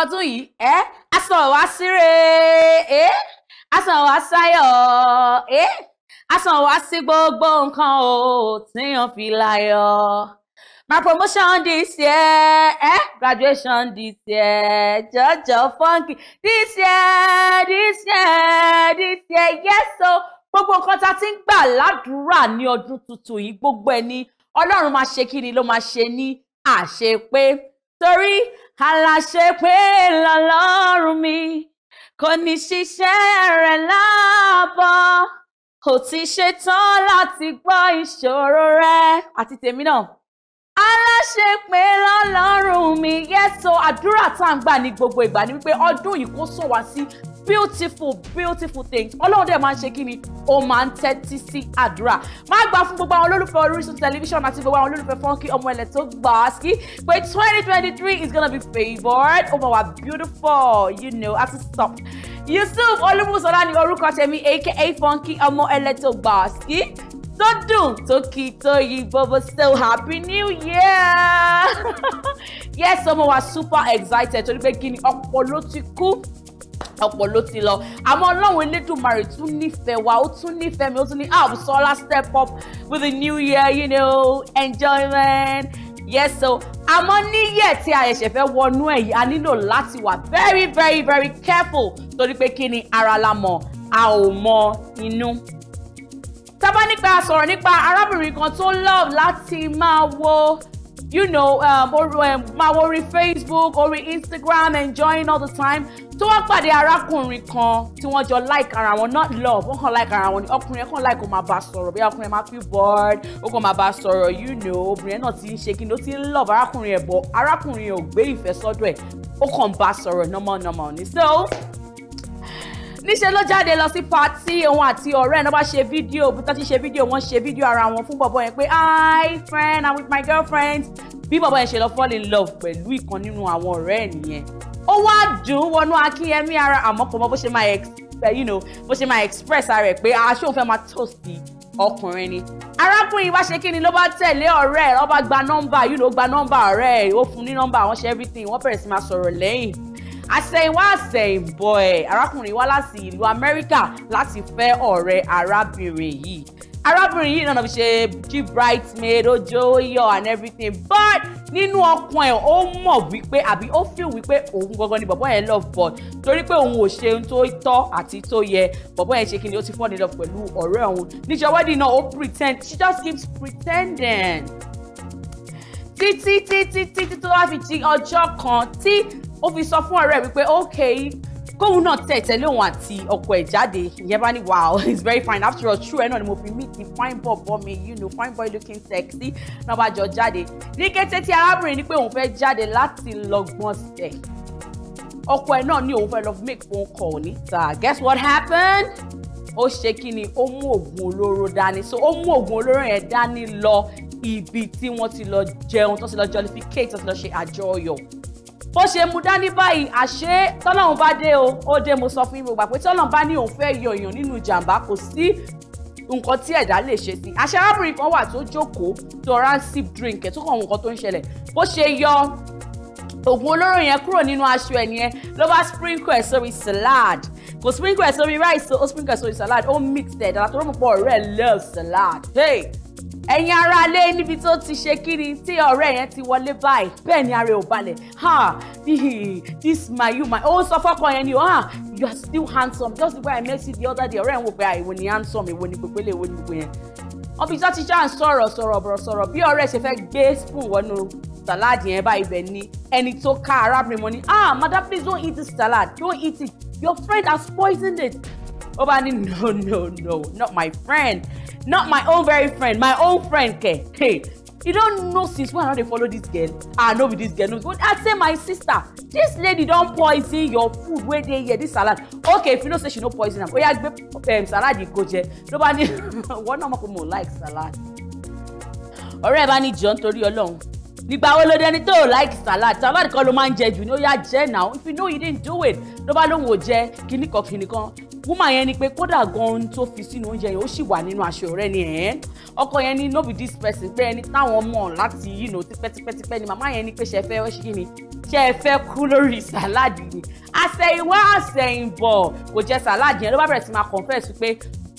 ọdún yìí ẹ asan wa síre ẹ asan wa sáyọ̀ ẹ asan wa sí gbogbo nǹkan o tíyan fi láyọ̀ my promotion this year eh graduation this year jọjọ funky this year this year this year yes so gbogbo nǹkan tá a ti ń gbà ládùúrà ní ọdún tuntun yìí gbogbo ẹ ní Ọlọ́run máa ṣe kí ni ló máa ṣe ní àṣepé torí aláṣepé lọ́lọ́run mi kò ní ṣiṣẹ́ rẹ̀ láàbọ̀ kò ti ṣetán láti gbọ́ ìṣòro rẹ̀ àti tèmi náà aláṣepé lọ́lọ́run mi yẹ́sọ àdúrà tá à ń gbà ní gbogbo ìgbà ni wípé ọdún yìí kó sọ wá sí beautiful beautiful things ọlọ́run dẹ̀ máa ń ṣe kí ni ó máa ń tẹ́tí sí àdúrà má gbà fún gbogbo àwọn olólùfẹ́ orísun tẹlifíṣàn àti gbogbo àwọn olólùfẹ́ fọ́nkì ọmọ ẹ̀lẹ̀ tó gbà á sí pé twenty twenty three is gonna be favoured ó máa wà beautiful you know àti stop yusuf olúmúsọlá ni orúkọ tèmi aka funky ọmọ ẹlẹtọ gbàásì tó dùn tó kì tó yí bobo still happy new year yes ọmọ wa super excited torí pé kí ni ọpọlọ ti kú ọ̀pọ̀ ló ti lọ àmọ́ ọlọ́run elédùnmarè tún nífẹ̀ẹ́ wa ó tún nífẹ̀ẹ́ mi ó tún ní Àbùsọ́lá ah, step up with the new year you know enjoyment yes so àmọ́ níyẹ̀ tí a ẹ̀ṣẹ̀ fẹ́ wọnú ẹ̀ yìí a nílò láti wà very very very careful torí pé kí ni ara la mọ̀ a ò mọ inú tábà nípa sọ̀rọ̀ nípa arábìnrin kan tó love láti máa wo you know, um, or, um, máa wo orí Facebook orí Instagram enjoying all the time tó wá pàdé arákùnrin kan tí wọ́n jọ like ara wọn not love wọ́n kàn like ara wọn ni ọkùnrin kan like kó máa bá sọ̀rọ̀ bí ọkùnrin máa feel bored ó kàn máa bá sọ̀rọ̀ you know obìnrin náà ti ń ṣe kí ni ó ti ń love arákùnrin ẹ̀ bọ̀ arákùnrin ò gbé ìfẹ́ sọ́dọ̀ ẹ̀ ó kàn bá sọ̀rọ̀ normal normal ni so níṣẹ́ ló jáde lọ sí pati òun àti ọ̀rẹ́ ẹ̀ náà bá ṣe fídíò bí tán ti ṣe fídíò wọ́n ṣe fídíò ara wọn fún bọ̀bọ̀ yẹn pé hi friend i'm with my girlfriend bí bọ̀bọ̀ yẹn ṣe lọ fall in love pẹ̀lú ìkan nínú àwọn ọ̀rẹ́ ẹ̀ nìyẹn ó wá dùn wọnú akínyẹmí ara àmọ́ kò mọ bó ṣe máa eh, you know bó ṣe máa express ara ẹ̀ pé aṣóun ah, fẹ́ máa toast ọkùnrin ni arákùnrin wá ṣe kíni ló bá tẹ̀lé ọ̀rẹ́ ẹ̀ ó bá gba nọ́mbà yìí ló gba nọ́mbà ọ̀rẹ́ ẹ̀ ó fún ní nọ́mbà àwọn ṣe everything wọ́n bẹ̀rẹ̀ sí máa sọ̀rọ̀ lẹ́yìn àṣẹ̀yìnwá àṣẹ̀yìnbọ̀ ẹ̀ arákùnrin wá láti ìlú Amẹ́ríkà láti fẹ́ ọ̀rẹ́ arábìnrin yìí arábìnrin yìí náà fi ṣe jí bridesmaid ojo yọ and everything but nínú ọkàn ẹ̀ ó mọ̀ wípé àbí ó feel wípé òun gangan ni bọ̀bọ̀ yẹn love but torí pé òun ò ṣe ohun tó tọ́ àti tó yẹ bọ̀bọ̀ yẹn ṣe kí ni ó ti fall in love pẹ̀lú ọ̀rẹ́ òun níṣẹ́ wedding náà ó pretend she just keeps pretending títí títí títí tó wá fi jí ọjọ́ kan tí ó fi sọ fún ọ̀rẹ́ wípé ok kóun náà tẹ̀ tẹ̀lé òun àti ọkọ ẹ̀ jáde ìyẹn bá ní wow it's very fine after all true ẹ̀ náà ni mo fi meet the fine boy for me, you know fine boy looking sexy náà bá jọ jáde ní kété tí arábìnrin ní pé òun fẹ́ jáde láti lọ gbọ̀nsẹ̀ ọkọ ẹ̀ náà ní òun fẹ́ lọ make phone call níta guess what happened ó ṣe kí ni ó mú oògùn olóró dání so ó mú oògùn olóró yẹn dání lọ ibi tí wọ́n ti lọ jẹun tó ti lọ jollificate tó ti lọ ṣe àjọyọ̀ bó ṣe mu dání báyìí àṣé tọ́lọ́run bá dé o ó dé mo sọ fún yín gbogbo pé tọ́lọ́run bá ní òun fẹ́ yọ èèyàn nínú ìjàmbá kò sí nǹkan tí ẹ̀dá lè ṣe sí àṣẹ arábìnrin kan wà tó jókòó tó sip drink ẹ̀ tó kàn nǹkan tó ń ṣẹlẹ̀ bó ṣe yọ oògùn olóró yẹn kúrò nínú aṣọ ẹ̀ nìyẹn ló bá sprinkle ẹ̀ sórí salad kò sprinkle ẹ̀ sórí rice ó sprinkle ẹ̀ sórí salad ó mix ẹ̀ dára tó rọ̀ pọ̀ ọ̀rẹ́ love salad. Hey! ẹ̀yin ara lé níbi tó ti ṣe kiri tí ọ̀rẹ́ yẹn ti wọlé báyìí bẹ́ẹ̀ ni ara ẹ̀ ò balẹ̀ ha this my you my ó sọ fọ́kọ yẹn ni o ha you are still handsome just the way I met you the other day ọ̀rẹ́ yẹn wò pé àìwò ah, ni handsome ìwò ni pèpele ìwò ni gbogbo yẹn ọbí tó ti ṣá ń sọ̀rọ̀ sọ̀rọ̀ bọ̀rọ̀ sọ̀rọ̀ bí ọ̀rẹ́ ṣe fẹ́ gbé spoon wọnú salad yẹn báyìí bẹ̀ ni ẹni tó ká arábìnrin mọ́ ni ah madam please don't eat this salad don't eat it your friend has poisoned it ó no no no not my friend not my own very friend my own friend kẹ hey you don't know since when i they follow this girl I know with this girl no be i say my sister this lady don't poison your food where they here this salad okay if you know say she no poison am oya gbé um, salad yìí go jẹ ló bá ní wọn náà like salad ọ̀rẹ́ ẹ bá John jọ nítorí Ọlọ́run nígbà wo ló dé ní like salad salad kan ló máa ń jẹ jù ní ó now if you know you didn't do it ló bá lóun ò jẹ kíní kan kíní kan woman yẹn ni pé kódà gan-an tó fi sínú oúnjẹ yẹn ó sì wà nínú aṣọ ọ̀rẹ́ ni ẹ̀ ọkọ yẹn ni no be this person pé ẹni táwọn mọ̀ láti yìí nù tipẹ́tipẹ́tipẹ́ ni màmá yẹn ni pé ṣe fẹ́ ṣe kí ni ṣe ẹ fẹ́ kú lórí sàláàdì ni àsẹ̀yìnwá àsẹ̀yìnbọ̀ kò jẹ sàláàdì yẹn ló bá bẹ̀rẹ̀ sí máa confess pé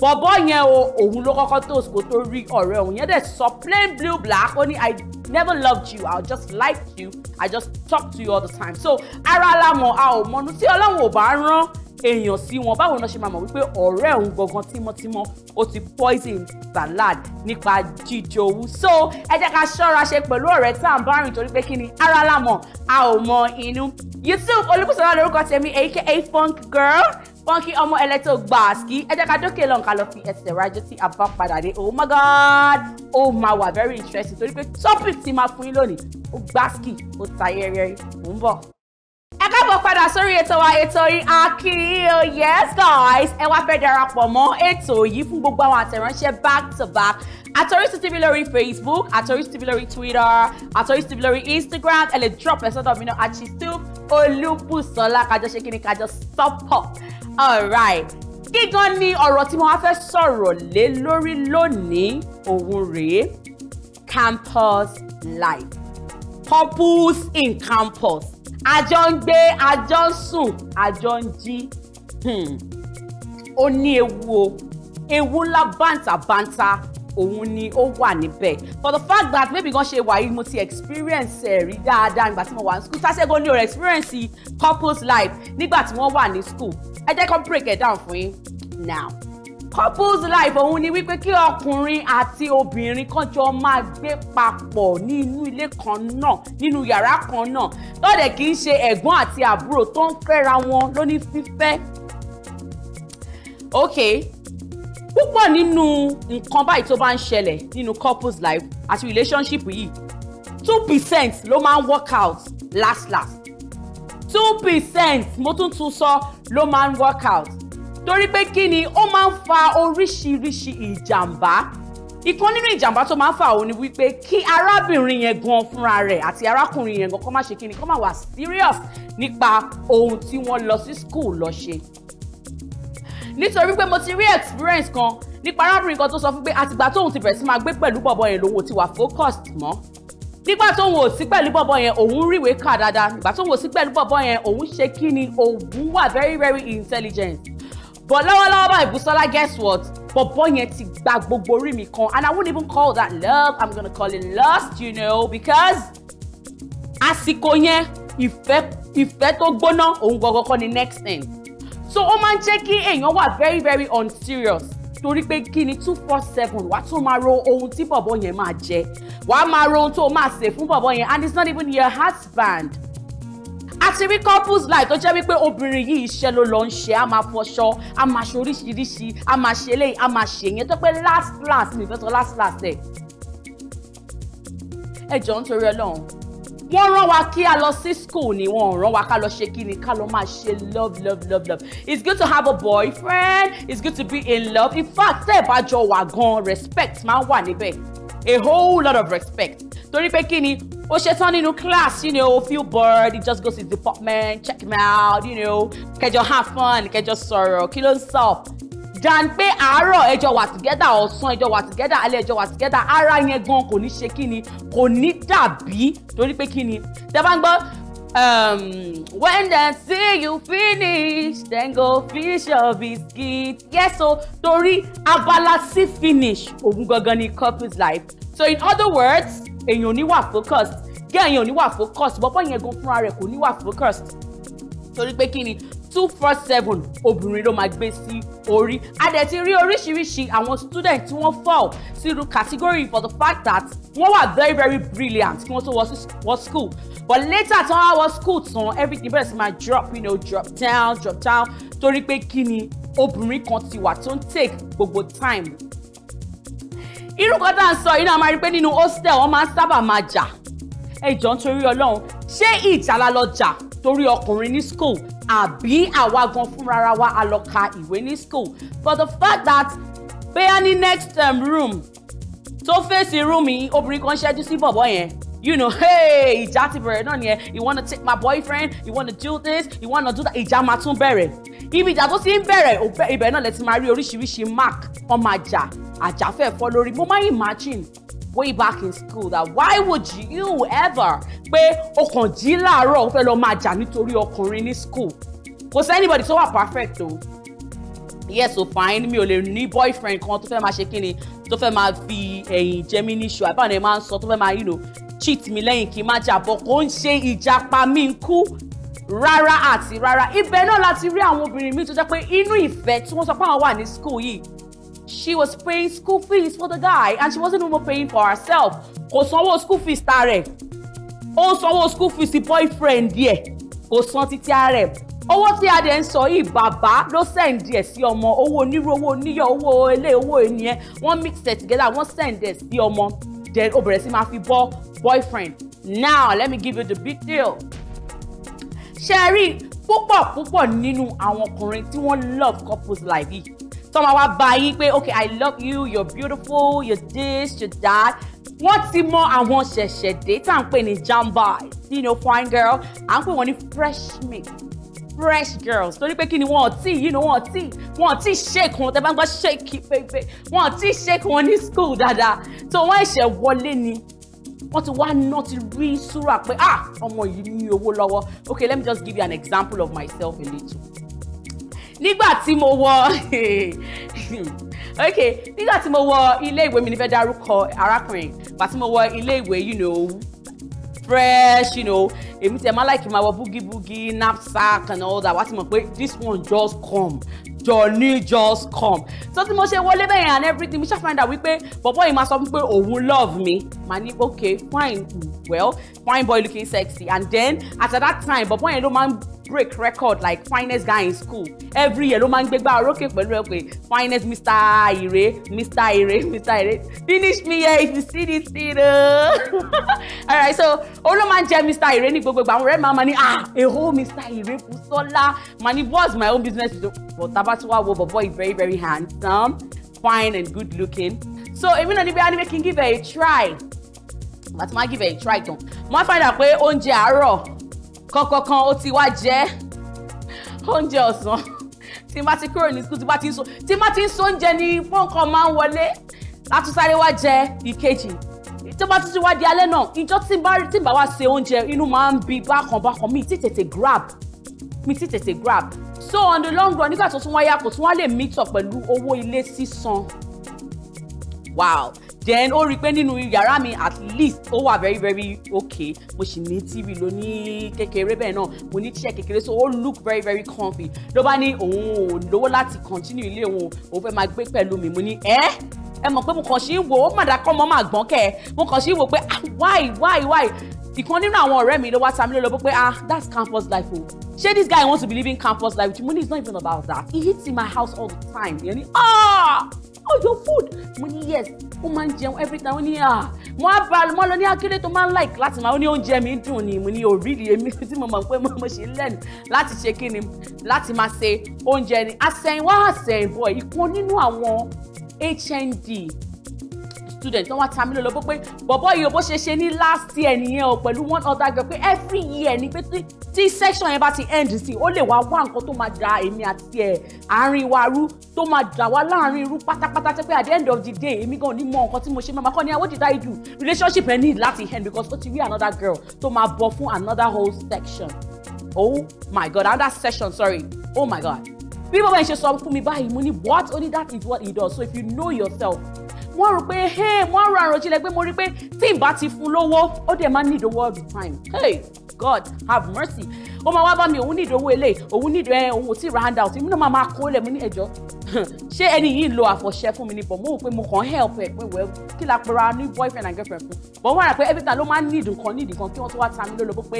bọ̀bọ̀ yẹn o òun ló kọ́kọ́ tó kó tó rí ọ̀rẹ́ òun yẹn dẹ̀ sọ plain blue black ó ní i never loved you i just liked you i just talked to you all the time so ara la mọ̀ a ò mọ̀nu tí ọlọ́run ò bá rán èèyàn sí wọn báwo náà ṣe máa mọ̀ wípé ọ̀rẹ́ òun gangan tímọ́tímọ́ ó ti poison salad nípa jíjowú so ẹ jẹ́ ká ṣọ́ra ṣe pẹ̀lú ọ̀rẹ́ tá à ń bá rìn torí pé kí ni ara la a ò mọ inú yusuf olúbùsọ̀lá lórúkọ tèmi aka funk girl funky ọmọ ẹlẹ́tò gbàásì ẹ jẹ́ ká dókè lọ́n ká lọ fi ẹsẹ̀ rájọ́ tí a dé oh my god ó máa wà very interesting torí pé topic ti máa fún yín lónìí ó gbàásì ó tayẹrẹ ń bọ̀ ẹ káàbọ̀ padà sórí ètò wa ètò AkiiYin oh yes guys ẹ wá fẹ́ darapọ̀ mọ́ ètò yìí fún gbogbo àwọn àtẹ̀ránṣẹ́ back to back àtọ́rísí tv lórí facebook àtọ́rísí tv lórí twitter àtọ́rísí tv lórí instagram ẹ lè drop ẹ sọ́dọ̀ mi náà àṣìṣú olúbùsọ́lá kájọ ṣe kíni kájọ sọ́pọ̀ alright gígan ni ọ̀rọ̀ tí mo wá fẹ́ sọ̀rọ̀ lé lórí lónìí òun rèé campus life couples in campus A àjọ ń gbé àjọ ń sùn àjọ ń jí hmm. ó ní ewu o ewu ńlá bàǹtàbàǹtà òun ni ó wà níbẹ̀ for the fact that maybe gan ṣe wà yìí mo ti experience ẹ̀ rí dáadáa nígbà tí mo wà ní school Táṣẹ́gun ní o experience couples life nígbà tí wọ́n wà ní school ẹ jẹ́ kó break it down fún yín now couples life òun ni wípé kí ọkùnrin àti obìnrin kan jọ máa gbé papọ̀ ní inú ilé kan náà nínú yàrá kan náà lọ́dẹ̀ kì í ṣe ẹ̀gbọ́n àti àbúrò tó ń fẹ́ra wọn lóní fífẹ́. ok púpọ̀ nínú nǹkan báyìí tó bá ń ṣẹlẹ̀ nínú couples life àti relationship yìí two percent ló máa ń work out last last two percent mo tún tún sọ ló máa ń work out torí pé kí ni ó máa ń fa oríṣiríṣi ìjàmbá ìkan nínú ìjàmbá tó máa ń fà òun ni wípé kí arábìnrin yẹn gan fúnra rẹ̀ àti arákùnrin yẹn gan kó má ṣe kí ni kó má wà serious nípa ohun tí wọ́n lọ sí school lọ ṣe nítorí pé mo ti rí experience kan nípa arábìnrin kan tó sọ fún pé àtìgbà tóun ti bẹ̀rẹ̀ sí máa gbé pẹ̀lú bọ̀bọ̀ yẹn lòun ò ti wà focused mọ́ nígbà tóun ò sí pẹ̀lú bọ̀bọ̀ yẹn òun ríwèé kà dáadáa nígbà tóun ò sí pẹ̀lú bọ̀bọ̀ yẹn òun ṣe kí ni òun wà very very intelligent but lọ́wọ́lọ́wọ́ báyìí Busola guess what bọ̀bọ̀ yẹn ti gba gbogbo orí mi kan and I wouldn't even call that love I'm gonna call it lust you know because àsìkò yẹn ìfẹ́ ìfẹ́ tó gbóná òun gọ́gọ́ kọ́ ni next thing so ó máa ń jẹ́ kí èèyàn wà very very unserious torí pé kí ni two four seven wàá tún máa ro ohun tí bọ̀bọ̀ yẹn máa jẹ wàá máa ro ohun tó máa ṣe fún bọ̀bọ̀ yẹn and it's not even your husband a ti rí couples life tó jẹ́ wípé obìnrin yìí iṣẹ́ ló lọ ń ṣe a máa fọṣọ a máa ṣe oríṣiríṣi a máa ṣe eléyìí a máa ṣe ìyẹn tó pé last last mi fẹ́ sọ last last ẹ̀ ẹ jọ nítorí Ọlọ́run wọ́n rán wa kí a lọ sí school ni wọ́n rán wa ká lọ ṣe kíni ká lọ máa ṣe love love love love it's good to have a boyfriend it's good to be in love in fact tẹ́ ẹ̀ bá jọ wà gan-an respect máa ń wà níbẹ̀ a whole lot of respect torí pé kí ni ó ṣe tán nínú class you know feel bored he just goes to his department check him out you know kẹjọ have fun kẹjọ sọ̀rọ̀ kí ló ń sọ dan pé àárọ̀ ẹjọ́ wà together ọ̀sán ẹjọ́ wà together alẹ́ ẹjọ́ wà together ara yẹn gan kò ní ṣe kí ni kò ní dàbí torí pé kí ni tẹ́ bá ń gbọ́ Um, when dem see you finish then go finish your biscuit. Yes o, so, torí abala sí finish òun ni couples life. So in other words, èèyàn ò ní wà focused, gẹ́ èèyàn ò ní wà focused, bọ́bọ́ yẹn gan fúnra rẹ̀ kò ní wà focused. Torí pé kí two four seven obìnrin ló máa gbé sí orí a dẹ̀ ti rí oríṣiríṣi àwọn student tí wọ́n fall sínú category for the fact that wọ́n wà very very brilliant kí wọ́n tó wọ school but later tí wọ́n wọ school tán everything bẹ̀rẹ̀ sí máa drop you know, drop down drop down torí pé kí ni obìnrin kan ti wà tó ń take gbogbo time irú kan tá à ń sọ yìí náà máa rí pé nínú hostel wọn máa ń sábà máa jà ẹ jọ ń torí Ọlọ́run ṣé ìjà la lọ jà torí ọkùnrin ní school àbí àwa gan fúnra wa a lọ ìwé ní school for the fact that bóyá ní next um, room tó fèsì room yìí obìnrin kan ṣẹ́jú sí bọ̀bọ̀ yẹn you know hey ìjà ti bẹ̀rẹ̀ náà nìyẹn you wanna take my boyfriend you wanna do this you wanna do that ìjà máa tún bẹ̀rẹ̀ ibi ìjà tó ti ń bẹ̀rẹ̀ ibẹ̀ náà lẹ ti máa rí oríṣiríṣi mark ọmọ àjà àjà fẹ́ẹ̀ fọ́ lórí mo máa imagine way back in school that why would you ever pé o kàn jí láàárọ̀ o fẹ́ lọ máa jà nítorí ọkùnrin ní school kò sí anybody tó wà perfect o yes o fine mi ò lè ní boyfriend kan tó fẹ́ máa ṣe kí ni tó fẹ́ máa fi ẹ̀yìn jẹ mí níṣu àbáwọn ẹ̀ máa ń sọ tó fẹ́ máa you know cheat mi lẹ́yìn kí n má jà bọ̀ kò ń ṣe ìjàpá mi ń kú rárá àti rárá ibẹ̀ náà láti rí àwọn obìnrin mi tó jẹ́ pé inú ìfẹ́ tí wọ́n sọ pé àwọn wà ní school yìí she was paying school fees for the guy and she wasn't even paying for herself kò sanwó school fees ta rẹ̀ ó sanwó school fees ti boyfriend díẹ̀ kò san títí rẹ̀ owó tí a dẹ̀ ń sọ yìí bàbá ló sẹ́ǹdì ẹ̀ sí ọmọ owó onírú owó oníyọ̀ owó ilé owó ènìyàn wọ́n mix it together wọ́n sẹ́ǹdì ẹ̀ sí ọmọ then ó bẹ̀rẹ̀ sí máa fi bọ́ boyfriend now let me give you the big deal ṣe rí púpọ̀ púpọ̀ nínú àwọn ọkùnrin tí wọ́n love couples like yìí tó máa wá bá yín pé okay i love you you're beautiful you're this you're that wọ́n ti mọ àwọn ṣẹ̀ṣẹ̀ dé tá à ń pè ní jamba you know fine girl à ń pè wọ́n ní fresh me, fresh girls torí pé kí ni wọn ò tí yìí ni wọn ò tí wọn shake? tí ṣèkì wọn tẹ bá ń gbọ́ ṣèkì pépé wọn ò tí wọn ní school dada? tó wọn ẹ̀ṣẹ̀ wọlé ni wọ́n ti wá náà ti rí súrà pé ah ọmọ yìí ní owó lọ́wọ́ okay let me just give you an example of myself a little nígbà tí mo wọ ok nígbà tí mo wọ ilé ìwé mi ní fẹ́ dárúkọ arákùnrin gbà tí mo wọ ilé ìwé you know fresh you know èmi tẹ̀ máa like máa wọ boogie boogie knapsack and all that wá ti mọ̀ pé this one just come johnny just come so tí mo ṣe wọlé bẹ́ẹ̀ and everything mo ṣe find out wípé bọ̀bọ̀ yìí máa sọ pé òun love me màá ní ok fine well fine boy looking sexy and then at that time bọ̀bọ̀ yẹn ló máa ń break record like finest guy in school every year ló máa ń gbégbá orókè pẹ̀lú ẹ pé finest mr ire mr ire mr ire finish me here if you see this thing oh. alright so òun ló máa ń jẹ mr ire ní gbogbo àwọn ọ̀rẹ́ màmá ni ah èho mr ire Bùsọ́lá mani boss my own business but tabatiwa wo bọ̀bọ̀ is very very handsome fine and good looking so èmi náà níbi anime kí n give her a try but ma give her a try gan mo find out pé oúnjẹ àárọ̀ kankankan ó ti wá jẹ́ oúnjẹ ọ̀sán tí má ti kúrò ní sukùl tí má ti ń so tí má ti ń so oúnjẹ ni fóun kan máa ń wọlé látúntàrẹ wá jẹ ìkejì tó bá tuntun wá di alẹ́ náà ìjọ tí bá tí bá wá ṣe oúnjẹ inú máa ń bi bákan bákan mi ti tètè grab mi ti tètè grab so on the long run nígbà tó tún wáyé àpò tí wọ́n lè meet up pẹ̀lú owó ilé sísan wow then ó rí i pé nínú yàrá mi at least ó wà very very okay mo sì ní tv ló ní kékeré bẹ́ẹ̀ náà mo ní chair kékeré so ó look very very comfy ló bá ní òun ò lówó láti continue ilé òun òun fẹ́ máa gbé pẹ̀lú mi mo ní ẹ́ ẹ mọ̀ pé mo kàn sí í wò ó màdà kọ́ mọ́ màá gbọ́n kẹ́ ẹ mo kàn sí í wò pé ah why why why ìkan nínú àwọn ọ̀rẹ́ mi ló wá sami lọ́lọ́ pé ah that's campus life o ṣé this guy wants to believe in campus life with money is not even about that he hits in my house all the time yẹn ni ah oh your food mo ní yes ó máa ń jẹun every time ó ní ah mo á ba mo lọ ní akéré tó máa ń like láti máa ó ní oúnjẹ mi dùn ni mo ní òrìrì oh, èmi tí mo mọ̀ pé mo ṣe lẹ́nu láti ṣe kí ni láti máa ṣe oúnjẹ ni àsẹ̀yìnwá àsẹ̀yìnbọ̀ ìkan nínú àwọn HND student wọ́n wá ta mí lọ lọ́bọ̀ pé bọ̀bọ̀ yìí bó ṣe ṣe ní last year nìyẹn o pẹ̀lú one other girl pé every year ni pé tí section yẹn bá ti end sí ó lè wá wá nǹkan tó máa da èmi àti ẹ̀ àárín wa rú tó máa dà wá láàrin irú pátápátá tẹ́ pé at the end of the day èmi gan ni mọ nǹkan tí mo ṣe máa kọ́ ni ah, what did I do relationship ẹ̀ need láti end because ó ti rí another girl tó máa bọ̀ fún another whole section oh my god another section sorry oh my god bí bàbá yẹn ṣe sọ fún mi báyìí mo ní what only that is what he does so if you know yourself wọ́n rò pé hey wọ́n rò àròjinlẹ̀ pé mo rí pé tí n bá ti fún lówó ó dẹ̀ máa need owó all the time hey god have mercy ó máa wá bá mi òun nídìí owó eléyìí òun nídìí ẹ eh, òun ò tí ì ra hand out èmi náà máa máa kó lẹ̀ mú ní ẹ̀jọ́ ṣé ẹni yìí lo àfọ̀ṣẹ fún mi ni bọ̀ mo rò pé mo kàn help ẹ̀ pé wẹ́ kí la pera ní boyfriend and girlfriend fún bọ̀ wọ́n rà pé every time ló máa need nǹkan need nǹkan kí wọ́n tó wá ta mi lólobó pé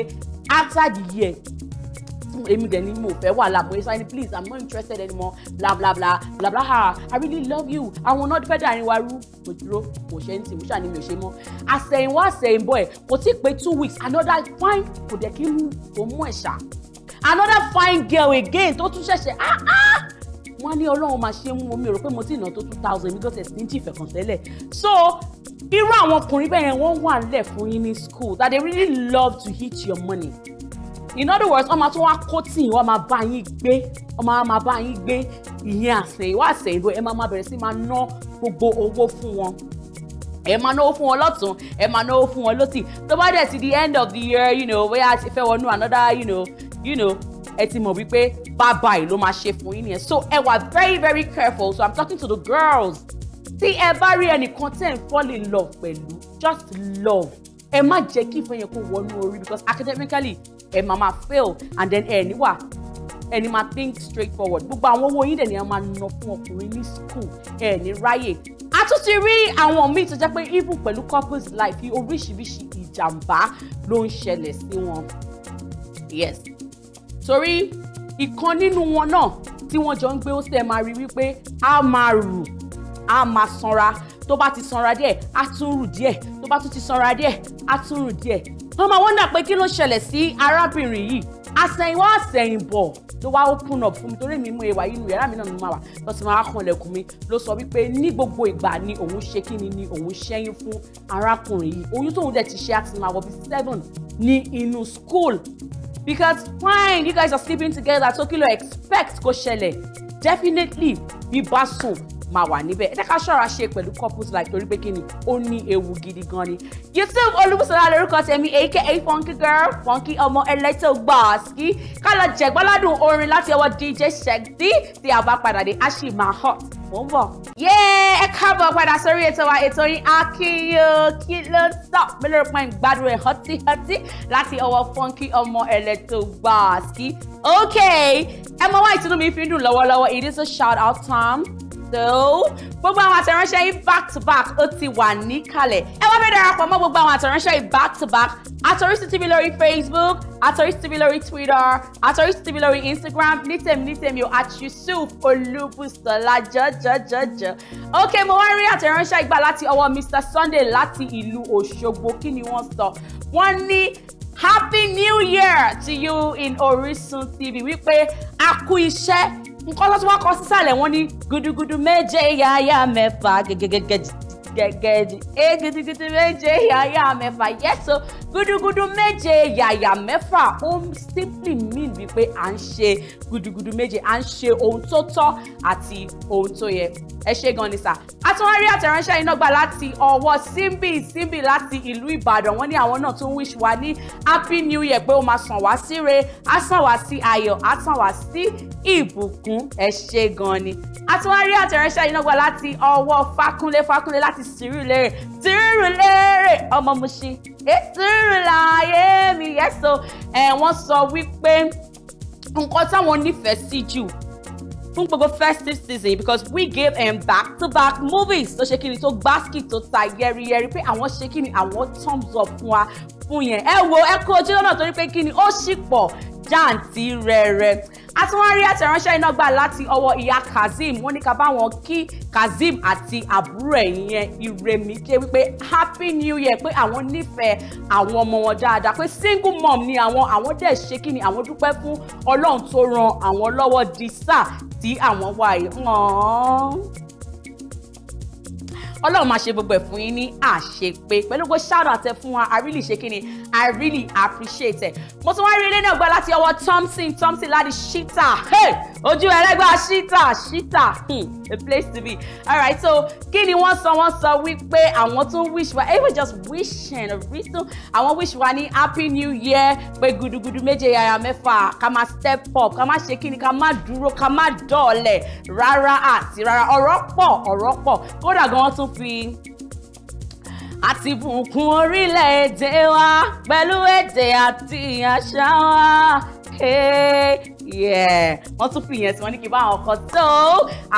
after the year èmi dẹ̀ ni mo fẹ́ wà láàmú so I need please I'm not interested anymore bla bla bla bla bla ha I really love you àwọn náà fẹ́ dàrin wa rú mo dúró kò ṣe ń tì mo ṣàní mi ò ṣe mọ́ àsẹ̀yìnwá àsẹ̀yìnbọ̀ ẹ̀ kò tí ì pé two weeks another fine kò dẹ̀ kí kò mú ẹ̀ ṣá another fine girl again tó tún ṣẹ̀ṣẹ̀ ah ah wọ́n ní ọlọ́run máa ṣe mú omi rò pé mo ti ná tó two thousand mi gọ́sẹ̀ sí ní jìfẹ̀ kan tẹ́lẹ̀ so irú àwọn ọkùnrin bẹ́ẹ̀ yẹn wọ́n wà nílẹ̀ fún yín ní school that they really love to hit your money in other words ọmọ tó wá kó tì yín wọ́n máa bá yín gbé ọmọ á máa bá yín gbé ìyẹn àsẹ̀yìnwá àsẹ̀yìnbó ẹ máa máa bẹ̀rẹ̀ sí máa ná gbogbo owó fún wọn ẹ máa náwó fún wọn lọ́tún ẹ máa náwó fún wọn lọ́sì tó bá dẹ̀ ti di end of the year you know bóyá a ti fẹ́ wọnú another you know you know ẹ ti mọ̀ wípé bye bye ló máa ṣe fún yín nìyẹn so ẹ wà very very careful so i'm talking to the girls tí ẹ bá rí ẹnìkan tẹ̀ ń fall in love pẹ̀lú just love ẹ má jẹ́ kí ìfẹ́ yẹn kó wọnú orí because academically ẹ máa máa fail and then ẹ ní wà ẹ ní ma think straight forward gbogbo àwọn owó yín dẹ̀ ni ẹ máa ná fún ọkùnrin ní school ẹ ní ráyè a tún ti rí àwọn míì tó jẹ́ pé even pẹ̀lú couples life yìí oríṣiríṣi ìjàmbá ló ń ṣẹlẹ̀ sí wọn yes torí ìkan nínú wọn náà tí wọ́n jọ ń gbé ó sì ẹ máa rí wípé a máa rù a máa sanra tó bá ti sanra díẹ̀ á tún rù díẹ̀ tó bá tún ti sanra díẹ̀ á tún rù díẹ̀ wọ́n máa wọ́ndà pé kí ló ṣẹlẹ̀ sí arábìnrin yìí àsẹ̀yìnwá àsẹ̀yìnbọ̀ ló wá open up fún mi torí mi mú ewa yìí nù yàrá mi náà ló máa wà lọ sí máa kan ilẹ̀kùn mi ló sọ wípé ní gbogbo ìgbà ni òun ṣe kí ni ni òun ṣẹ́yìn fún arákùnrin yìí oyún tóun dẹ̀ ti ṣe á ti máa wọ bí seven ní inú school because fine you guys are sleeping together so kí lo expect kó ṣẹlẹ̀ definitely bí bá sùn máa wà níbẹ̀ ẹ jẹ́ ká ṣọ́ra ṣe pẹ̀lú couples like torí pé kí ni ó ní ewu gidi gan ni. yusuf olùbùsọ̀lá lórúkọ tèmi aka funky girl funky ọmọ ẹlẹ́tọ̀ gbàásì ká lọ jẹ̀gbọ́ládùn orin láti ọwọ́ dj Shekty tí a bá padà dé a sì máa hot mò ń bọ̀. yéé ẹ káàbọ̀ padà sórí ètò wa ètò yín akínyó kí ló ń sọ mi lórí pọ́ìn gbádùn ẹ̀ họ́tíhọ́tí láti ọwọ́ funky ọmọ ẹlẹ́tọ̀ gbàásì. ok ẹ mọ wá ìtùnú mi fi ń dùn lọ́wọ́lọ́wọ́ it is a shout out time so gbogbo àwọn àtẹ̀ránṣẹ́ yìí back to back ó ti wà níkàlẹ̀ ẹ wá fẹ́ darapọ̀ mọ́ gbogbo àwọn àtẹ̀ránṣẹ́ yìí back to back àtọ̀rísí tv lórí facebook àtọ̀rísí tv lórí twitter àtọ̀rísí tv lórí instagram ní tèmi ní tèmi o at yusuf olúbùsọ̀lá jọjọjọjọ ok mo wá rí àtẹ̀ránṣẹ́ ìgbà láti ọwọ́ mr sunday láti ìlú òṣogbo kí ni wọ́n sọ wọ́n ní happy new year to you in Orisun TV wípé a kú iṣẹ́ nǹkan lọ́tún wá kọ sísàlẹ̀ wọn ní gudugudu méje yáyà mẹ́fà gẹ́gẹ́gẹ́jì gẹ̀gẹ̀dì egidigidi méje yàyà mẹ́fà yẹ́sọ gudugudu méje yaya mẹ́fà ó simply mean wípé à ń ṣe gudugudu méje à ń ṣe ohun tó tọ́ àti ohun tó yẹ ẹ ṣe gan ni sà àtúnwárí àtẹ̀ránṣẹ́ iná gbà láti ọwọ́ Simbi Simbi láti ìlú Ìbàdàn wọ́n ní àwọn náà tó ń wíṣ wa ní happy new year pé ó máa sàn wá síre á sàn wá sí ayọ̀ á sàn wá sí ìbùkún ẹ ṣe gan ni àtúnwárí àtẹ̀ránṣẹ́ iná gbà láti ọwọ́ Fákúnlé Fákúnlé láti sùúrù lérè sùúrù lérè ọmọ Mùṣín ẹ sùúrù láàyè mi yẹ so ẹ wọ́n sọ wípé nǹkan táwọn nífẹ̀ẹ́ sí jù fún gbogbo festive season because we gave um, back to back movies tó ṣe kí ni tó gbásíkì tó ta yẹriyẹri pé àwọn ṣe kí àwọn thumbs up fún wa fún yẹn ẹ wo ẹ kó ojú lọ́nà torí pé kí ni ó sì pọ̀ jàǹtí rẹ̀rẹ̀ a tún wá rí àtẹ̀ránṣẹ́ iná gbà láti ọwọ́ ìyá kazeem wọ́n ní ká bá kí kazeem àti àbúrò ẹ̀ ìrèmí ṣe wípé happy new year pé àwọn nífẹ̀ẹ́ àwọn ọmọ wọn dáadáa pé single mom ni àwọn àwọn dẹ̀ ṣe kí ni àwọn dúpẹ́ fún ọlọ́run tó ran àwọn lọ́wọ́ di sáà tí àwọn wà yìí ọlọ́run máa ṣe gbogbo ẹ̀ fún yín ní àṣepé pẹ̀lú gbogbo ṣáàdù àtẹ fún wa àrílì ṣe kí ni I really appreciate it. Mo tún wá rí ilé náà gbọ́ láti ọwọ́ Thompson Thompson láti Shita. Hey! Ojú ẹlẹ́gbàá Shita Shita hmm, a place to be. Alright so kí ni wọ́n sọ wọ́n sọ wípé àwọn tún wish wa even just wishing a reason àwọn wish wa ní happy new year pé gudugudu méje yàrá mẹ́fà ká máa step up ká máa ṣe kí ni ká máa dúró ká máa dọ̀ọ̀lẹ̀ rárá àti rárá ọ̀rọ̀ pọ̀ ọ̀rọ̀ pọ̀ kódà gan wọ́n tún fi àti bùkún orílẹ̀-èdè wa pẹ̀lú èdè àti àṣà wa. wọ́n tún fi ìyẹn tí wọ́n ní kí n bá àwọn kan tó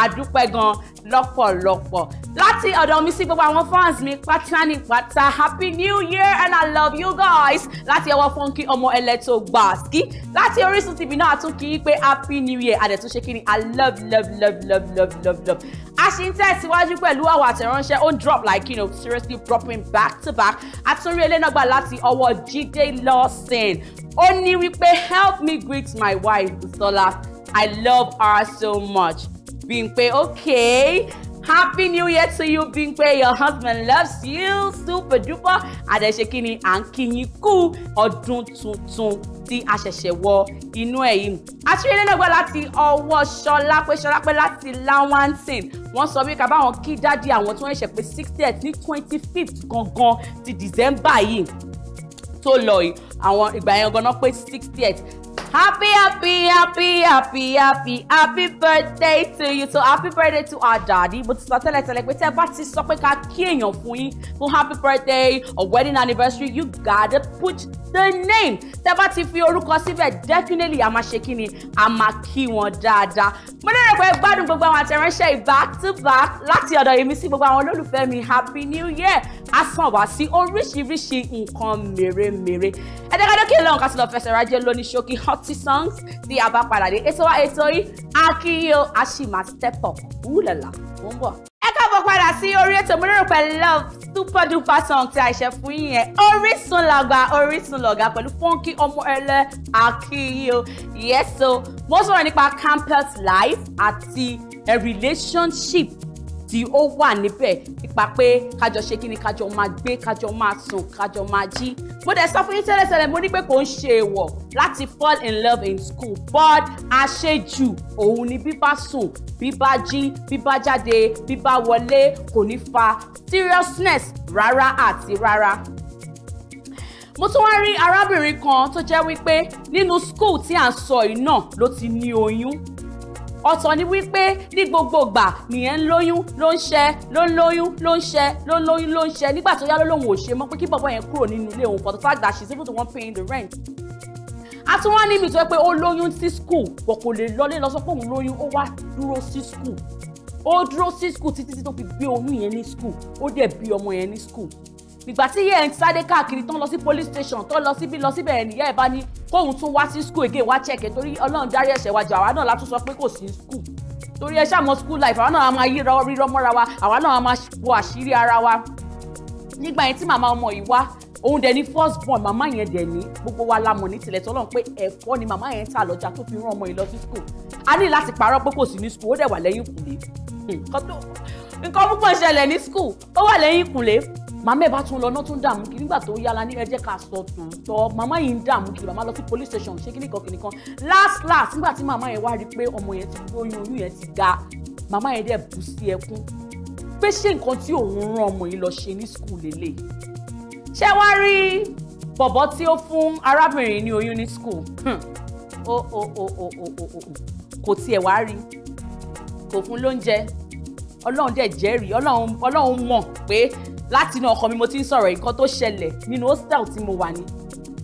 àdúpẹ́ gan lọ́pọ̀lọpọ̀ láti ọ̀dọ̀ mi sí gbogbo àwọn fans mi pátá ní pátá happy new year and i love you guys láti ọwọ́ fúnkí ọmọ ẹlẹ́tò gbàásì láti Orísun TV náà tún kí í pé happy new year àdẹ̀tún ṣe kí ni i love love love love love love love a sì ń tẹ̀síwájú pẹ̀lú àwọn àtẹ̀ránṣẹ́ ó ń drop like you know seriously dropping win back to back àtúnrí elénàgbà láti ọwọ́ Jídé Lawson ó ní wípé help me greet my wife Busola I love her so much Bímpé okay happy new year to you Bímpé your husband loves you super duper àdẹ̀ṣe kí ni à ń ku yín kú ọdún tuntun ti a ṣẹ̀ṣẹ̀ wọ inú ẹ̀ yìí. àṣírí lẹ́gbẹ̀ẹ́ láti ọwọ́ ṣọlápẹ́ ṣọlápẹ́ láti lawantin wọ́n sọ wípé kábàáwọn kí dádì àwọn tí wọ́n ṣẹ̀ṣẹ̀ pé sixtieth ní twenty fifth gangan ti december yìí tó lọ yìí àwọn ìgbà yẹn ganan pé sixtieth Happy, happy, happy, happy, happy, happy birthday to you. So happy birthday to our daddy. Mo ti sọ tẹ́lẹ̀ tẹ́lẹ̀ pé tẹ́ bá ti sọ pé ká kí èèyàn fún yín fún happy birthday or wedding anniversary, you gotta put the name. Tẹ́ bá ti fi orúkọ síbẹ̀, definitely a máa ṣe kí ni, a máa kí wọn dáadáa. Mo lérò pé gbádùn gbogbo àwọn àtẹ̀ránṣẹ́ yìí back to back láti ọ̀dọ̀ èmi sí gbogbo àwọn olólùfẹ́ mi happy new year. A sàn wá sí oríṣiríṣi nǹkan mèremère. Ẹ̀dẹ̀gbẹ̀dẹ̀ kí lóun ká sí lọ fẹsẹ̀ rájẹ́ lóní ṣókí Thirty songs tí a bá padà dé ètò wa ètò yìí a kì í o a sì máa step up wúlọ̀lá ó ń bọ̀. ẹ káàbọ̀ padà sí orí ètò mo lérò pé love super duper song tí a ṣe fún yín yẹn Orísun làgbà Orísun lọ̀gá pẹ̀lú fọ́nkì ọmọ ẹlẹ́ àkíyó yẹ́sọ mo sọ̀rọ̀ nípa campus life àti a relationship tí ó wà níbẹ̀ nípa pé kájọ ṣe kí ni kájọ máa gbé kájọ máa sùn kájọ máa jí mo dẹ̀ sọ fún yín tẹ́lẹ̀tẹ́lẹ̀ mo ní pé kò ń ṣe èèwọ̀ láti fall in love in school but àṣejù òun ni bíbá sùn bíbá jí bíbá jáde bíbá wọlé kò ní fa seriousness rárá àti rárá mo tún wá rí arábìnrin kan tó jẹ́ wípé nínú school tí à ń sọ yìí náà ló ti ní oyún ọ̀tọ̀ ni wípé ní gbogbo ìgbà nìyẹn ń lóyún ló ń ṣẹ́ ló ń lóyún ló ń ṣẹ́ ló ń lóyún ló ń ṣẹ́ nígbà tó yá ló lóun ò ṣe mọ́ pé kí bọ̀bọ̀ yẹn kúrò nínú ilé òun for the fact that she's even the one paying the rent a tún wá ní mi tó yẹ pé ó lóyún sí school kò kò lè lọlé lọ sọ pé òun lóyún ó wá dúró sí school ó dúró sí school títí tó fi gbé oyún yẹn ní school ó dẹ̀ bí ọmọ yẹn ní school ìgbà tí yẹ́ ẹ̀ ń sáré káàkiri tán lọ sí police station tán lọ síbi lọ síbẹ̀ ẹ̀nìyẹ́ ẹ̀ bá ní kóhun tún wá sí school again wá chẹ́kẹ̀ torí ọlọ́run dárí ẹ̀ṣẹ̀ wa jù àwa náà látún sọ pé kò sí school torí ẹ ṣàmọ school life àwa náà a máa yíra rírọ́ mọ́ra wa àwa náà a máa bo àṣírí ara wa nígbà yẹn tí màmá ọmọ yìí wá òun dẹ̀ ni first born màmá yẹn dẹ̀ ní gbogbo wa la mọ̀ ní tilẹ̀ tọ́lọ́ pé ẹ̀fọ́ ni màmá yẹn ta lọ́jà tó fi rán ọmọ yìí lọ sí school a ní láti parọ́ pé kò sí ní school ó dẹ̀ wà lẹ́yìn kùlé nǹkan púpọ̀ ṣẹlẹ̀ ní school ó wà lẹ́yìn kùlé màmá ẹ̀ bá tún lọ náà tún dààmú kiri nígbà tó yára ní ẹ ká sọ tòótọ́ màmá yìí ń dààmú kiri màmá lọ sí police station ṣé kíní kan kíní kan last last nígbà tí màmá yẹn wá rí i pé ọmọ yẹn ti lóyún oyún yẹn ti ga màmá yẹn dẹ̀ bú sí ẹkún pé ṣé nǹkan tí òun rán ọmọ yìí lọ ṣe ní school lélẹ̀ ṣé wá rí bọ̀bọ̀ tí ó fún arábìnrin ní oyún ní school hmm. kò tiẹ̀ wá rí kò fún lóúnjẹ ọlọ́run dẹ̀ jẹ́rìí ọlọ́run mọ̀ pé láti inú ọkọ mi mo ti ń sọ̀rọ̀ nǹkan tó ṣẹlẹ̀ nínú hostel tí mo wà ní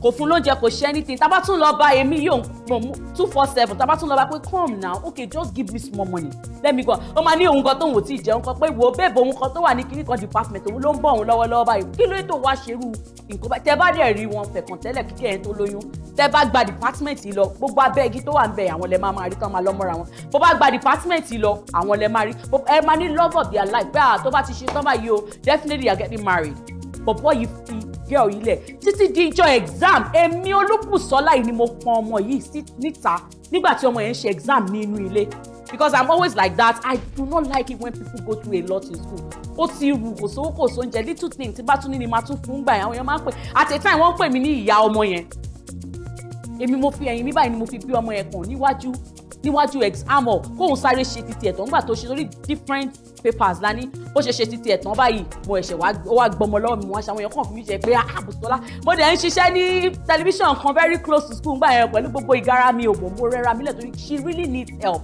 kò fún lóúnjẹ kò ṣe anything tá a bá tún lọ bá èmi yóò two four seven tá a bá tún lọ bá pé come now okay just give me small money let me go ó máa ní òun kan tóun ò tí ì jẹun kan pé wo bẹ́ẹ̀ bọ òun kan tó wà ní kíní kan department òun ló ń bọ̀ òun lọ́wọ́lọ́wọ́ báyìí kí ló tó wá ṣerú nǹkan báyìí tẹ bá dẹ̀ rí wọn fẹ̀kàn tẹ́lẹ̀ kíkẹ́ yẹn tó lóyún tẹ bá gba department lọ gbogbo abẹ́gi tó wà ń bẹ̀ àwọn lẹ máa máa rí tán máa lọ́mọ́ra wọn bó bá gba department lọ àwọn lẹ máa rí ẹ máa ní love of their life pé àtọ́ ah, bá ti ṣe tán báyìí o definitely you are getting married bọ̀bọ̀ yìí fi girl yìí lẹ̀ títí di ìjọ exam èmi Olúbùsọ́lá yìí ni mo pọn ọmọ yìí níta nígbà tí ọmọ yẹn ṣe exam ní inú ilé because i'm always like that i do not like it when people go through a lot in school ó ti rù kò sówó kò sóúnjẹ little thing tí bá tún ní ni màá tún fún gbà yẹn àwọn èèyàn máa ń pè at a time wọ́n ń pè mí ní ìyá ọmọ yẹn èmi mo fi ẹ̀yìn mi báyìí ni mo fi bí ọmọ yẹn kàn níwájú níwájú exam hall kóun sáré ṣe titi ẹ̀tọ́ ńgbà tó ṣe lórí different papers lání ó ṣe ṣe títí ẹ̀tàn báyìí mo ẹ̀ṣẹ̀ wá gbọmọ lọ́wọ́ mi wọ́n ṣe àwọn èèyàn kàn fún mi jẹ pé àbùsọ́lá ah, mo dẹ̀ ń ṣiṣẹ́ ní tẹlifíṣàn kan very close to school gbà yẹn pẹ̀lú gbogbo ìgara mi ò mọ̀ mo rẹ́ra mi lẹ̀ she really needs help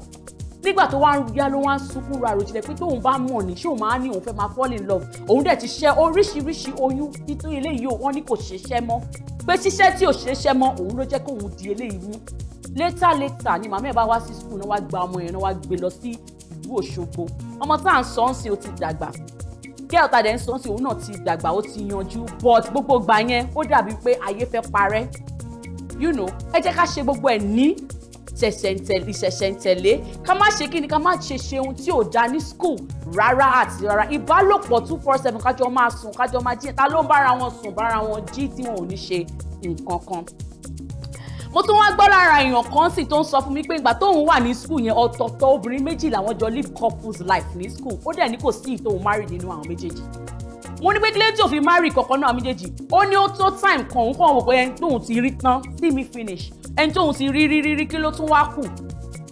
nígbà tó wá ń yá ló wá ń sunkún ra àròjìnlẹ̀ pé tóun bá mọ̀ ní ṣóun máa ní òun fẹ́ máa fall in love òun dẹ̀ ti ṣe oríṣiríṣi oyún nítorí eléyìí wọ́n ní kò ṣeéṣẹ́ mọ́ pé ṣiṣẹ́ tí ò ṣeéṣẹ́ mọ́ òun ló jẹ́ kóun di eléyìí mú létà létà ni màmá ẹ̀ bá wá sí school náà wá gba ọmọ yẹn náà wá gbé lọ sí ìlú Òṣogbo ọmọ tá à ń sọ ń sìn ó ti dàgbà gẹ́ẹ̀ tá dẹ̀ ń sọ ń sìn òun náà ti dàgbà ó ti yanjú but gbogbo gbà yẹn ó dàbí pé ayé fẹ́ parẹ́ you know ẹ jẹ́ ká ṣe gbogbo ẹ̀ ní ṣẹ̀ṣẹ̀ntẹ̀lé ṣẹ̀ṣẹ̀ntẹ̀lé ká má ṣe kíni ká má ṣe ṣe ohun tí ò da ní school rárá àti rárá ìbálòpọ̀ two four seven kájọ máa sùn kájọ máa jí ta ló ń bára wọn sùn bára wọn jí tí wọn ò ní ṣe nǹkan kan mo tún wá gbọ́ lára èèyàn kan sì tó ń sọ fún mi pé ìgbà tóun wà ní skul yẹn ọ̀tọ̀ọ̀tọ̀ obìnrin méjì làwọn jọ live couples life ní skul ó dẹ̀ ní kò sí ìtòun márì nínú àwọn méjèèjì mo ní pé kílé tí ò fi márì kankan náà méjèèjì ó ní ó tó time kan òun kàn wò pé ẹni tóun ti rí tán see me finish ẹni tóun ti rí rí rí rí kí ló tún wá kù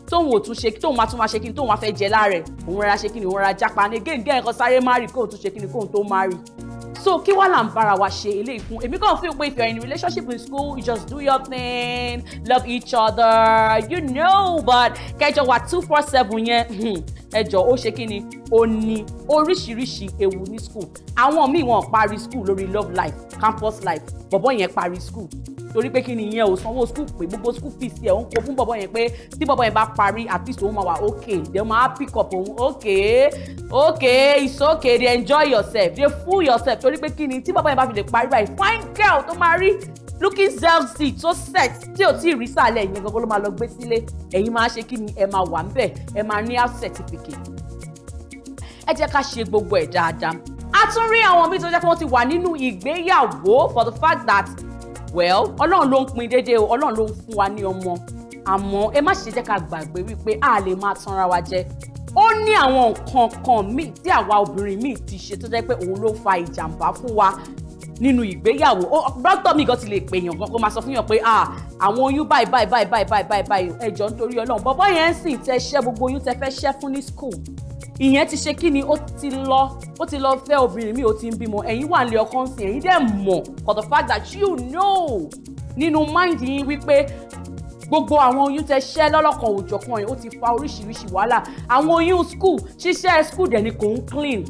tóun ò tún ṣe kí tóun máa tún máa ṣe kí ni tóun máa fẹ́ jẹ láàrẹ̀ òun rárá ṣe kí ni òun rárá jápa ní géńgé ẹ̀kọ́ sáré márì kóun tún ṣe kí ni kóun tó márì so kí wàá là ń bára wa ṣe eléyìí fún èmi kàn feel pé if you are in a relationship with school you just do your thing love each other you know but kẹjọ wa two four seven yẹn ẹjọ́ ó ṣe kíni ó ní oríṣiríṣi ewu ní school àwọn míì wọn parí school lórí love life campus life bọ̀bọ̀ yẹn parí school torí pé kí ni ìyẹn ò sanwó school pé gbogbo school fees ẹ̀ ń kó fún bọ̀bọ̀ yẹn pé tí bọ̀bọ̀ yẹn bá parí at òun máa wà okay they máa pick up òun okay okay it's okay they enjoy yourself they fool yourself torí pé kí ni tí bọ̀bọ̀ yẹn bá fi lè parí báyìí fine girl tó máa rí looking sexy tó set. tí ò tí ì rí sàlẹ̀ ìyẹn gangan ló máa lọ gbé sílé ẹ̀yin máa ṣe kí ni ẹ máa wà ń bẹ̀ ẹ máa ní health certificate ẹ jẹ́ ká ṣe gbogbo ẹ̀ dáadáa a tún rí àwọn míì tó jẹ́ pé wọ́n ti wà nínú ìgbéyàwó for the fact that well ọlọ́run ló ń pin déédéé o ọlọ́run ló ń fún wa ní ọmọ àmọ́ ẹ má ṣe jẹ́ ká gbàgbé wípé a lè máa tanra wa jẹ ó ní àwọn nǹkan kan míì tí àwa obìnrin míì ti ṣe tó jẹ́ pé òun ló fa ìjàmbá fún wa nínú ìgbéyàwó dókítà mi gan ti lè pè yàn gan kó máa sọ fún yàn pé àwọn oyún báyìí báyìí báyìí báyìí báyìí báyìí báyìí ẹjọ́ nítorí Ọlọ́run bọ́bọ́ yẹn ń sìn tẹ ṣẹ́ gbogbo oyún tẹ fẹ́ ṣẹ́ fún ní school ìyẹn ti ṣe kí ni ó ti lọ ó ti lọ fẹ́ obìnrin mi ó ti ń bímọ ẹ̀yin wà nílé ọkọ ń sìn ẹ̀yin dẹ̀ mọ̀ for the fact that you know nínú mind yín wípé gbogbo àwọn oyún tẹ ṣẹ́ lọ́lọ́kan òòjọ̀kan yẹn ó ti fa oríṣiríṣi wàhálà àwọn oyún school ṣíṣẹ́ school dẹ̀ ni kò ń clean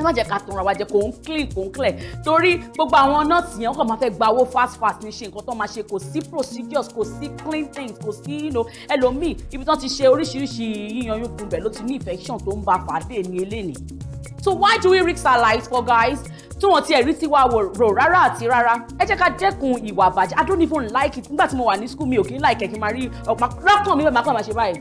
ẹ má jẹ́ ká tanra wa jẹ́ kò ń clean kò ń clear torí gbogbo àwọn nọ́ọ̀sì yẹn kò máa fẹ́ gba owó fast fast ní ṣe nǹkan tó máa ṣe kò sí procedures kò sí clean things kò sí ìlò ẹlòmíì ibi tó ti ṣe oríṣiríṣi yíyan yókùn bẹ̀ ló ti ní infection tó ń ba fàdé ní eléni so why do we risk our lives for guys tí wọn ti ẹ̀rí tiwa rò rárá àti rárá ẹ jẹ́ ká dẹ́kun ìwà àbàjẹ́ i don't even like it nígbà tí mo wà ní school mi ò kì í like ẹ̀ kí n máa rí ọ̀pá lọ́kàn mi bẹ́ẹ̀ máa kàn máa báyìí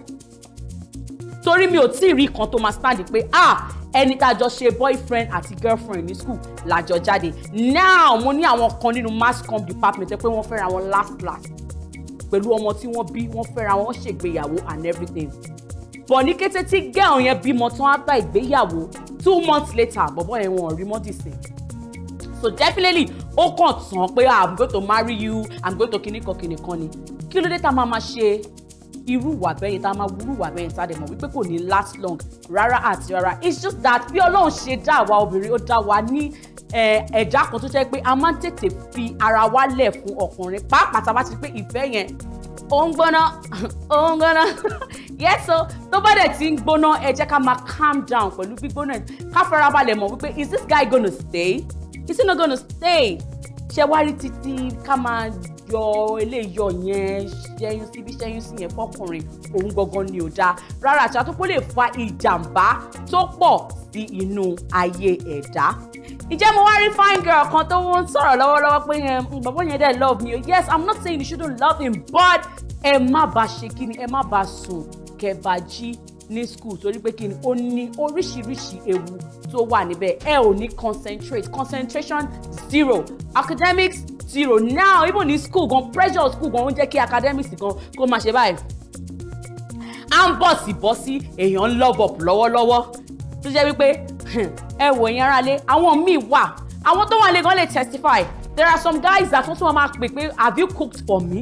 torí mi ò tí ì rí kan tó máa stand pé ah ẹni tá a jọ ṣe boyfriend àti girlfriend ní school làjọ jáde now mo ní àwọn kan nínú mass com department pé wọ́n fẹ́ra wọn last last pẹ̀lú ọmọ tí wọ́n bí wọ́n fẹ́ra wọn ṣègbéyàwó and everything bọ̀ ní kété tí girl yẹn bímọ tán after ìgbéyàwó two months later bọ̀bọ̀ yẹn wọn rí mọ́ dìsẹ́ so definitely ó kàn tán pé ah, i'm going to marry you i'm going to kíníkan kíníkan ni kí ló dé tá a máa máa ṣe irú wà bẹ́yẹn tá a máa wúrú wà bẹ́yẹn tá a dẹ̀ mọ̀ wípé kò ní last long rárá àti rárá it's just that bí ọlọ́run ṣe dá àwa obìnrin ó dá wa ní ẹ̀dá kan tó jẹ́ pé a máa ń tètè fi ara wa lẹ̀ fún ọkùnrin pàápàá tá a bá ti pé ìfẹ́ yẹn ó ń gbóná ó ń gbóná yes o tó bá dẹ̀ ti ń gbóná ẹ jẹ́ ká máa calm down pẹ̀lú gbígbóná ká farabalẹ̀ mọ̀ wípé is this guy gonna stay is he not gonna stay ṣe wá rí títí ká máa yọ eléyìí yọ yẹn ṣẹ́yún sí bí ṣẹ́yún sí yẹn fọkùnrin òun gangan ni ò dáa rárá àṣà tó kó lè fa ìjàmbá tó pọ̀ sí inú ayé ẹ̀dá ǹjẹ́ mo wá rí fine girl kan tó ń sọ̀rọ̀ lọ́wọ́lọ́wọ́ pé bàbá yẹn dẹ̀ love me yes i'm not saying you shouldn't love him but ẹ má bá ṣe kí ni ẹ má bá sùn kẹbà jí ní school torí pé kí ni ó ní oríṣiríṣi ewu tó wà níbẹ̀ ẹ ò ní concentrate concentration zero academics zero now even in school gan pressure school gan ó ń jẹ́ kí academics gan kó máa ṣe báyìí à ń bọ̀ sí bọ́ sí èèyàn ń love up lọ́wọ́lọ́wọ́ tó jẹ́ wípé ẹ wò ẹ̀yin aráalé àwọn míì wà àwọn tó wà lè gan lè testify there are some guys that tún máa pè pé have you cooked for me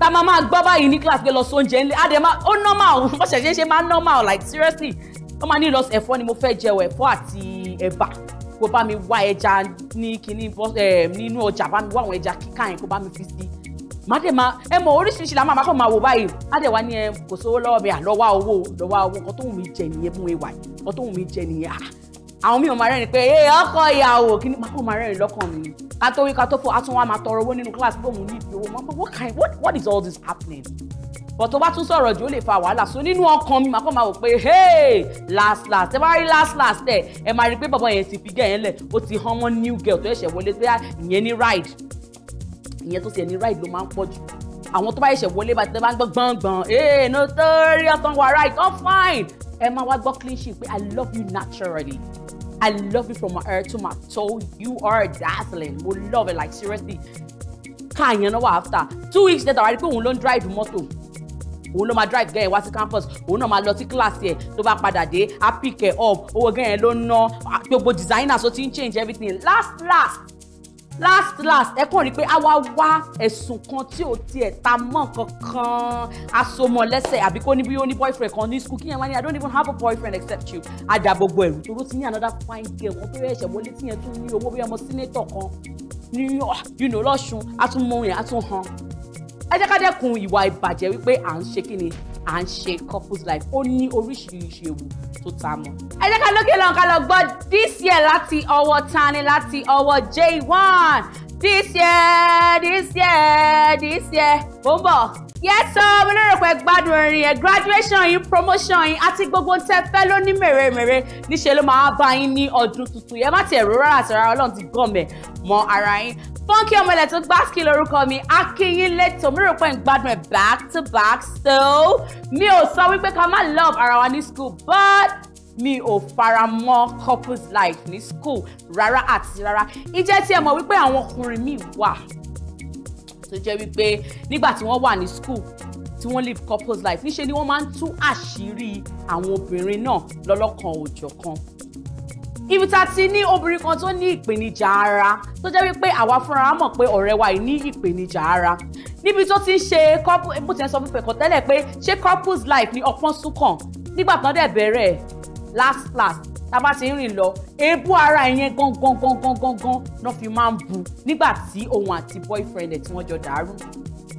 ta ma máa gbọ́ báyìí ní class pé lọ sóúnjẹ ńlẹ̀ á dẹ̀ ma? ó normal bó ṣẹ̀ṣẹ̀ ṣe máa normal like seriously wọ́n máa ní lọ ẹ̀fọ́ ni mo fẹ́ jẹ ẹ̀fọ́ àti ẹ̀bà kó bá mi wá ẹja ní kíní eh, nínú ọjà bá mi wá àwọn ẹja kíkà yẹn kó bá mi fi sí má ẹ mọ̀ oríṣiríṣi la máa máa wò báyìí má dẹ̀ ẹ kò sówó lọ́wọ́ mi à lọ́wọ́ owó lọ́wọ́ owó nǹkan tó wù mí jẹ nìyẹn fún ewa nǹkan tó wù mí jẹ nìyẹn à àwọn míì máa rẹ́rìn pé ee ọkọ ìyàwó kí ni máa kọ́ máa rẹ́rìn lọ́kàn mi ká tó wí ká tó fọ àtún wa máa tọrọ owó nínú kíláàsì pé òun ní ìdí máa bọ what kind what, what is all this happening but tó bá tún sọ̀rọ̀ jù ó lè fa wàhálà so nínú ọkàn mi màá kọ́ máa wò pé hey last last ẹ bá rí last last ẹ ẹ máa rí pé bàbá yẹn ti fi gẹ̀ yẹn lẹ̀ ó ti hàn wọ́n new girl tó ẹ̀ṣẹ̀ wọlé pé ah, ìyẹn ní ride ìyẹn tó ti ẹ̀ ní ride ló máa ń pọ̀ jù àwọn tó bá ẹ̀ṣẹ̀ wọlé bá ti tẹ́ bá ń gbọ́ gbọ̀ngbọ̀n Hey, no torí ọ̀tàn wà right all fine ẹ máa wá gbọ́ clean sheet pé i love you naturally I love you from my ear to my toe. You are dazzling. We love it like seriously. Can you know what after. Two weeks later, I rí pé òun ló ń drive mọ́tò. Òun ló máa drive gẹ́yìn wá sí campus. Òun náà máa lọ sí kíláàsì ẹ̀ tó bá padà dé. A pick ẹ̀ up. Owó gẹ́yìn ló ń ná. Gbogbo designer so ti change everything. Last last last last ẹ kàn rí i pé a wá wá ẹ̀sùn kan tí ò tiẹ̀ ta mọ́ kankan asomọ lẹ́sẹ̀ àbí kó ní bí ó ní boyfriend kan ní school kí yẹn wá ní i don't even have a boyfriend except you àjà gbogbo ẹ̀rù tó ló ti ní another fine girl kan tó yẹ ẹ̀ṣẹ̀ wọlé tí yẹn tún ní owó bí ọmọ senator kan ní ah, you know lọ́sùn a tún mú yẹn a tún hàn ẹ jẹ́ ká dẹ́kun ìwà ìbàjẹ́ wípé à ń ṣe kí ni à ń ṣe couples life ó ní oríṣiríṣi ewu tó ta mọ́. ẹ jẹ́ ká lókè lọ́n ká lọ gbọ́ this year láti ọwọ́ tani láti ọwọ́ J1 this year this year this year ó ń bọ̀ yẹ́sọ́ mo lérò pé gbádùn orin yẹn graduation yín promotion yín àti gbogbo tẹ fẹ́ ló ní mèremère níṣẹ́ ló máa bá yín ní ọdún tuntun yẹn má tiẹ̀ rò rárá àti rárá ọlọ́run ti gàn mẹ́ mọ́ ara yín fọ́nkì ọmọlẹ̀ tó gbásìkì lórúkọ mi akínyín lẹ́tọ̀ mi rò pé ń gbádùn ẹ̀ back to back still mi ò sọ wípé ká má love ara wa ní school but mi ò fara mọ́ couples life ní school rárá àti rárá ìjẹ́ tí ẹ mọ̀ wípé àwọn ọkùnrin míì wà tó jẹ́ wípé nígbà tí wọ́n wà ní school tí wọ́n live couples life níṣe ni wọ́n máa ń tú àṣírí àwọn obìnrin náà lọ́lọ́kan òòjọ́ kan ibi tá a ti ní obìnrin kan tó ní ìpèníjà ara tó jẹ́ wípé àwa fúnra mọ̀ pé ọ̀rẹ́ wa yìí ní ìpèníjà ara níbi tó ti ń ṣe couple bó ti ń sọ fún pẹ̀kọ́ tẹ́lẹ̀ pé ṣé couples life ni ọpọ́n súnkàn nígbà tán dẹ̀ bẹ̀rẹ̀ last last tá a bá ti ń rìn lọ èébú ara ìyẹn gangan gangan gangan náà fi máa ń bu nígbà tí òun àti boyfriend ẹ̀ tí wọ́n jọ dàrú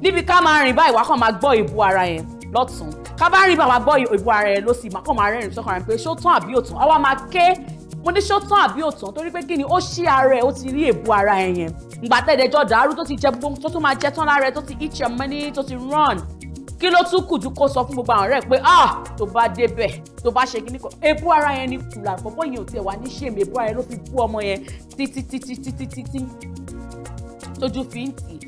níbi ká máa rìn báyìí wá kàn máa gbọ́ èébú ara yẹn lọ́tún ká bá rìn bá wa gbọ́ èébú ara yẹn ló sì máa kàn máa rẹ́rìn sọ́kàn rẹ̀ pé ṣó tán àbí òtún àwa máa ké mo ní ṣó tán àbí òtán torí pé kí ni ó ṣí ara ẹ̀ ó ti rí èbú ara ẹ̀ yẹn ìgbà tẹ̀dẹ̀jọ́ dàrú tó ti jẹ gbogbo tó tún máa jẹ tán lára ẹ̀ tó ti eat your money tó ti run kí ló tún kù ju kó sọ fún gbogbo àwọn ọ̀rẹ́ pé ah tó bá débẹ̀ tó bá ṣe kíní kan ebú ara yẹn ni kùlà àgbọ̀bọ̀ yẹn ò tiẹ̀ wá ní ṣèmi ebú ara yẹn ló fi bú ọmọ yẹn títítítítítítí tójú fi ń tì í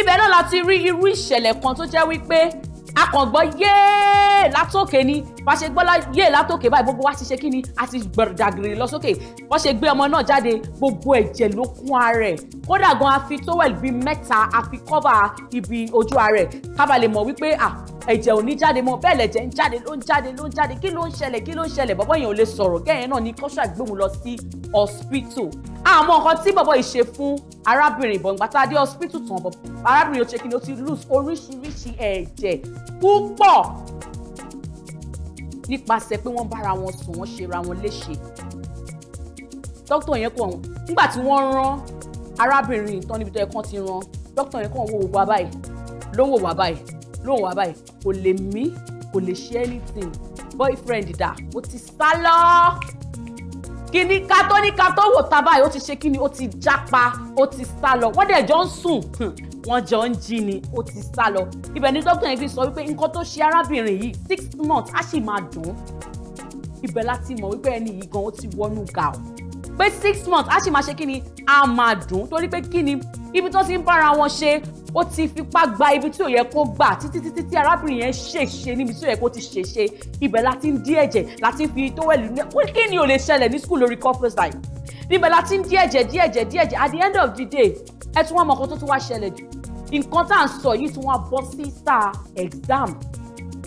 ibẹ̀ náà la ti rí irú ìṣẹ̀lẹ̀ kan tó jẹ́ wípé akọ̀gbọ́ yéé látòkè ni bá ṣe gbọ́ yéé látòkè báyìí gbogbo wa ti ṣe kí ni a ti gbẹ̀rùdàgìrì lọ sókè wọ́n ṣe gbé ọmọ náà jáde gbogbo ẹ̀jẹ̀ ló kún ara ẹ̀ kódà gan a towel bíi mẹ́ta a kọ́bà ibi ojú ara ẹ̀ kábà lè mọ̀ wípé à ẹ̀jẹ̀ ò ní jáde mọ́ bẹ́ẹ̀ lẹ̀jẹ̀ ń jáde ló ń jáde ló ń jáde kí ló ń ṣẹlẹ̀ kí ló ń ṣẹlẹ̀ bọ́bọ́ yẹn ò lè sọ̀rọ̀ gẹ́yẹn náà ni kọ́ṣà gbóhùn lọ sí hospital àmọ́ nǹkan tí bọ̀bọ̀ yìí ṣe fún arábìnrin ìbọn tá a dé hospital tán bọ̀ arábìnrin ò ṣe kí ni ó ti lose oríṣiríṣi ẹ̀jẹ̀ púpọ̀ nípasẹ̀ pé wọ́n bára wọn sùn wọ́n ṣera wọn léṣe dókítà yẹn kàn nígbà tí wọ́n rán arábìnrin tán níbi tó yẹ kán ti rán dókítà yẹn kàn wò wá báyìí ló wò wá báyìí ló wò wá báyìí kò lè mí kò lè ṣe anything boyfriend dà ó ti sá lọ kíní ká tó ní ká tó wò tá báyìí ó ti ṣe kíni ó ti jápa ó ti sá lọ wọ́n dẹ̀ jọ ń sùn wọ́n jọ ń jí ni ó ti sá lọ ibẹ̀ ni dókítà yẹn fi sọ wípé nǹkan tó ṣe arábìnrin yìí six months á sì máa dùn ibẹ̀ láti mọ̀ wípé ẹni yìí gan ó ti wọnú gà ó pé six months á sì máa ṣe kí ni a máa dùn torí pé kí ni ibi tó ti ń bára wọn ṣe ó ti fipá gba ibi tí ò yẹ kó gbà títí títí tí arábìnrin yẹn ṣèṣe níbi tí ò yẹ kó ti ṣèṣe ibẹ̀ láti ń dí ẹ̀jẹ̀ láti ń fi tówẹ́lì ní kí ni ò lè ṣẹlẹ̀ ní school lórí corporate life níbẹ̀ láti ń dí ẹ̀jẹ̀ dí ẹ̀jẹ̀ dí ẹ̀jẹ̀ at the end of the day ẹ tún wọn mọ̀ kó tó tún wá ṣẹlẹ̀ jù nǹkan tá à ń sọ yìí tí wọ́n á bọ́ sí sáà exam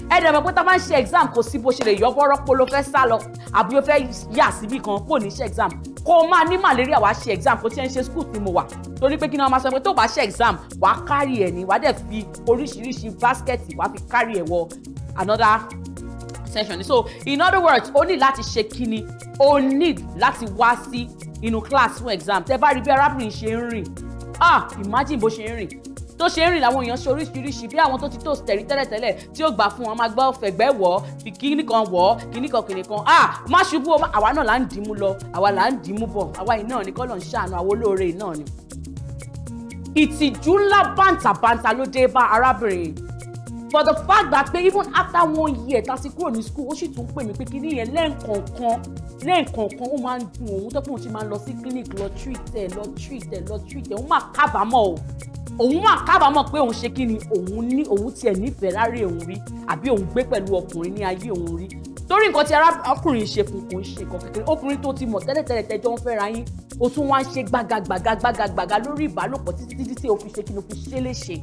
ẹ dẹ̀ mọ̀ pé tá a bá ń ṣe exam kò sí bó ṣe lè yọbọ́rọ́ pé ló fẹ́ sá lọ àbí ó fẹ́ yà síbì kan kò ní ṣe exam kó o máa ní malaria wàá ṣe exam kó tiẹ̀ ń ṣe school tí mo wà torí pé kí ni wọ́n máa sọ pé tó bá ṣe exam wàá kárì ẹ̀ ní wàá dẹ̀ fi oríṣiríṣi basket wàá fi kárì ẹ̀ wọ another session so in other words o ní láti ṣe kíni o need láti wá sí inú class fún exam tẹ bá rí bí arábìnrin ṣe ń rìn ah imagine bó ṣe ń rìn tó ṣe ń rìn làwọn èèyàn ṣe oríṣiríṣi bí àwọn tó ti tó tẹ̀rí tẹ́lẹ̀tẹ́lẹ̀ tí ó gbà fún wọn máa gbọ́ fẹ̀gbẹ́ wọ̀ fi kíní kan wọ̀ kíní kan kìnì kan ah má ṣubú o àwa náà là ń dìímú lọ àwa là ń dìímú bọ̀ àwa yìí náà ni kọ́ ló ń ṣàánú àwọn olóore náà ni. ìtìjú ńlá bàǹtàbàǹtà ló dé bá arábìnrin but the fact that pé even after one year tá a ti kúrò ní school ó sì tún pè mí pé kí nìyẹn lẹ́ǹkọ̀ọ̀kan lẹ́ǹkọ̀ọ̀kan ó máa ń dùn òun tó pé òun ti máa lọ sí clinic lọ treat ẹ̀ lọ treat ẹ̀ lọ treat ẹ̀ òun máa kábàámọ̀ o òun máa kábàámọ̀ pé òun ṣe kí ni òun ní òun tiẹ̀ nífẹ̀ẹ́ láre òun rí àbí òun gbé pẹ̀lú ọkùnrin ní ayé òun rí torí nǹkan tí arákùnrin ṣe fún kò ń ṣe nǹkan kékeré ọkùnrin tó ti mọ̀ tẹ́lẹ̀tẹ́lẹ̀ tẹ́jọ́ ń fẹ́ra yín o tún wá ń ṣe gbàgàgbàgàgbàgàgbàgà lórí ìbálòpọ̀ títí títí tí o fi ṣe kí ni o fi ṣe léṣe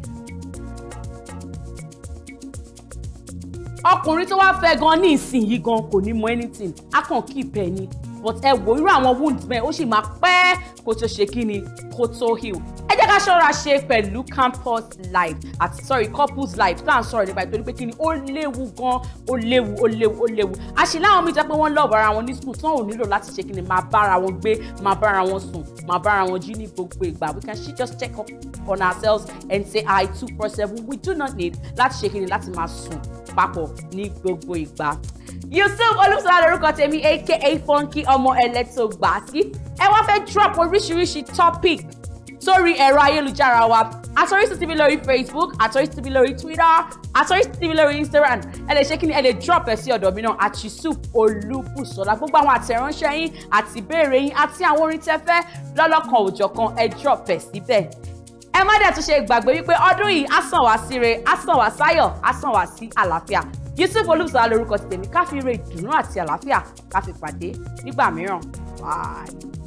ọkùnrin tó wá fẹ́ gan ní ìsinyìí gan kò ní mọ anything á kàn kí ìpẹ́ ni but ẹ wò irú àwọn wound bẹ́ẹ̀ ó sì máa pẹ́ kó tó ṣe kí ni kó tó heal jẹ́ ká ṣọ́ra ṣe pẹ̀lú campus life àti sorry couples life tá à ń sọ̀rọ̀ nípa ìtorí pé kí ni ó léwu gan ó léwu ó léwu ó léwu àṣì láwọn míì jẹ́ pé wọ́n lọ́ọ̀bù ara wọn ní school tán ò nílò láti ṣe kí ni máa bára wọn gbé máa bára wọn sùn máa bára wọn jí ní gbogbo ìgbà we can she just check up on ourselves and say i two four seven we do not need láti ṣe kí ni láti máa sùn papọ̀ ní gbogbo ìgbà yusuf olùsọlá lórúkọ tèmi aka funky ọmọ ẹlẹtọgbàsí ẹ wá fẹ́ drop oríṣiríṣi topic sórí ẹ̀rọ ayélujára wa àtọ́rísí tv lórí facebook àtọ́rísí tv lórí twitter àtọ́rísí tv lórí instagram ẹ lè ṣe kí ni ẹ lè drop ẹ sí ọ̀dọ̀ mi náà àti yusuf olúbùsọ̀lá gbogbo àwọn àtẹ̀ránṣẹ́ yín àti ìbéèrè yín àti àwọn orin tẹ́fẹ́ lọ́lọ́kan òjọ̀kan ẹ drop ẹ síbẹ̀ ẹ má dẹ̀ tún ṣe gbàgbé wípé ọdún yìí á sàn wá síre á sàn wá sáyọ̀ á sàn wá sí àlàáfíà yusuf olùsọ alórúkọ ti tèmi ká fi re ìdùnnú àti àlàáfíà ká fi pàdé nígbà mìíràn bye.